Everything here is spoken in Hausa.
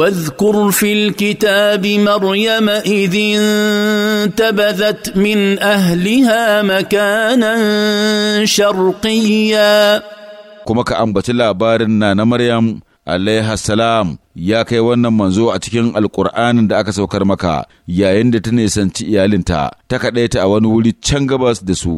واذكر في الكتاب مريم اذ انتبذت من اهلها مكانا شرقيا kuma ka ambaci labarin na na Maryam alaiha salam ya kai wannan manzo a cikin alkur'anin da aka saukar maka yayin da ta nisanci iyalinta ta kaɗaita a wani wuri can gabas da su